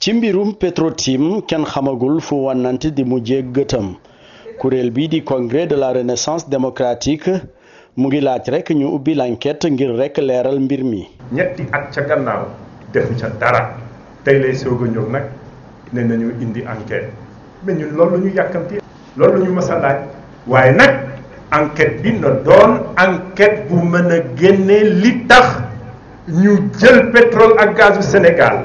ci mbirum Petrotim kenn xamagul fu wànnant di mujjee gëtam kuréel bi di congrès de la renaissance démocratique mu ngi laaj rek ñu ubbi l'enquête ngir rek leeral mbir mi. ñetti at ca gannaaw defu ca dara tey lay soog a nag ne nañu indi enquête mais ñun loolu la ñu yàkkamti loolu ñu mës laaj waaye nag enquête bi na doon enquête bu mën a li tax ñu jël pétrole ak gazu Sénégal.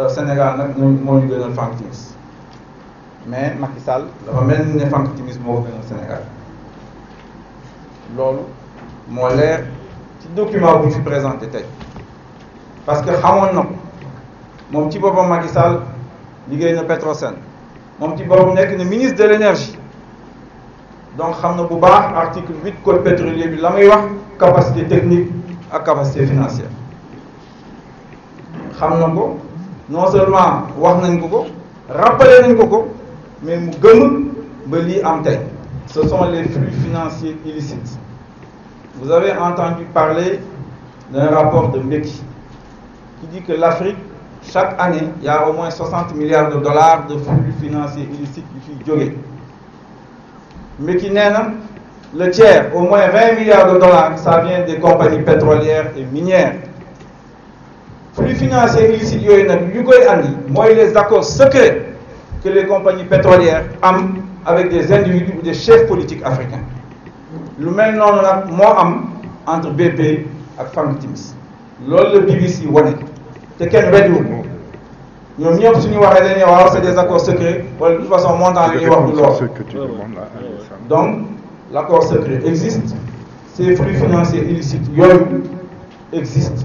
Euh, Sénégal nag ñoom ñu gënal fantimis mais Macky Sall dafa mel ni ne fantimis gënal Sénégal loolu mo leer ci document bu ci présenté tay parce que xamone na ko ci boppam Macky Sall liggéey na Petrosen mom ci boppam nek na ministre de l'énergie donc xam na bu baax article 8, code pétrolier bi la muy wax capacité technique ak capacité financière xam na ko non seulement wax nañ ko ko mais mu ba ce sont les flux financiers illicites vous avez entendu parler d'un rapport de Mbeki qui dit que l'Afrique chaque année il y a au moins 60 milliards de dollars de flux financiers illicites qui fiy yoga. Mbeki le tiers au moins 20 milliards de dollars ça vient des compagnies pétrolières et minières flux financiers illicites sont les accords secrets que les compagnies pétrolières ont avec des individus ou des chefs politiques africains le même nom que moi am entre BP et Frank Timis loolu la BBC C'est te kenn weddiwul Nous ñëpp nous avons dañuy des accords secrets de toute façon montant li ñuy wax du donc l'accord secret existe ces flux financiers illicites existent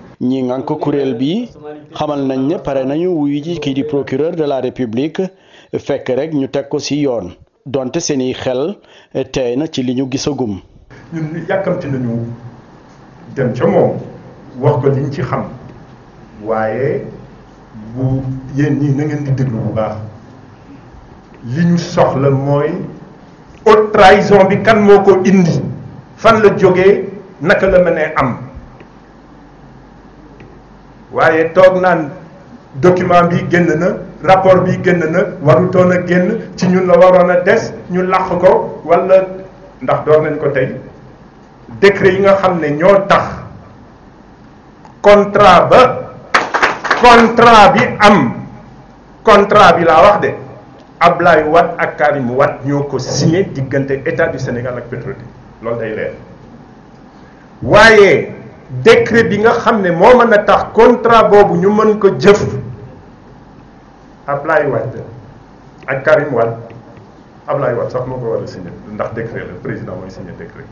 ñi ngan ko kuréel bi xamal nañ ne pare nañu wuyu ji kii di procureur de la république fekk rek ñu teg ko ci yoon donte seeni xel tey na ci li ñu gisagum. ñun yàkkamti nañu dem ca moom wax ko liñ ci xam waaye bu yéen ñii na di déglu bu baax li ñu soxla mooy haute trahison bi kan moo ko indi fan la jóge naka la ne am. waaye document bi génn rapport bi génn na warutoon a ci ñun la waroon a des ñu ko ndax décret yi nga tax contrat ba contrat am contrat bi wax de Ablaye wat ak Karim ko signé diggante état du Sénégal ak pétrole décret bi nga xam ne moo mën a tax contrat boobu ñu mën ko jëf Ablaye Wade ak Karim Wade Ablaye Wade sax moo ko war a signé ndax décret la président mooy signé décret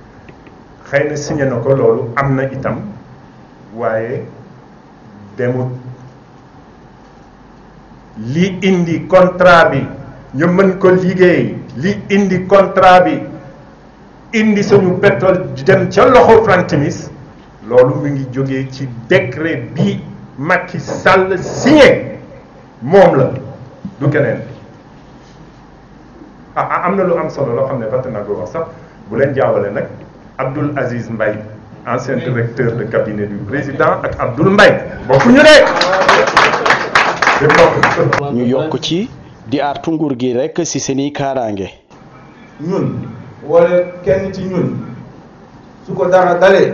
xëy na signé na ko loolu am na itam waaye demut li indi contrat bi ñu mën ko liggéey li indi contrat bi indi suñu pétrole dem ca loxo Frantimis loolu mu ngi jógee ci décret bi Macky Sall signé moom la du keneen ah, ah lu am solo loo xam ne fàtte wax sax bu leen jaawale nag Abdoul Aziz Mbaye ancien directeur de cabinet du président ak Abdoul Mbaye bokkuñu de. ñu yokk ci di artu nguur gi rek ci seeni kaaraange. ñun wala kenn ci ñun su ko dara dalee.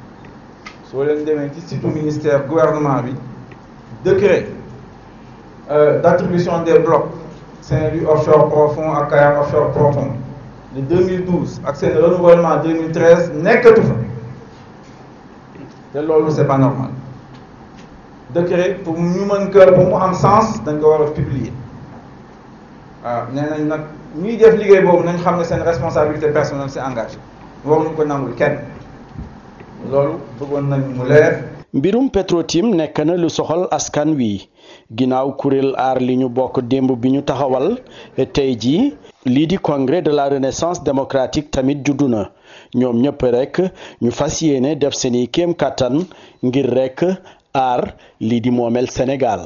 Si leen demee ministère du ministère gouvernement décret euh, d'attribution des blocs Saint-Louis offshore profond à carrière offshore profond de 2012 accès de renouvellement 2013 n'est que tout c'est c'est pas normal décret pour nous mën kër bu sens d'un gouvernement publié publier Nous nous nañ une def responsabilité personnelle c'est loolu bëggoon nañ mu mbirum Petrotim nekk na lu soxal askan wi ginnaaw kuréel aar li ñu bokk démb bi ñu taxawal tey jii lii di congrès de la renaissance démocratique tamit juddu na ñoom ñëpp rek ñu fas yéene def seeni kem kàttan ngir rekk aar lii di moomeel Sénégal.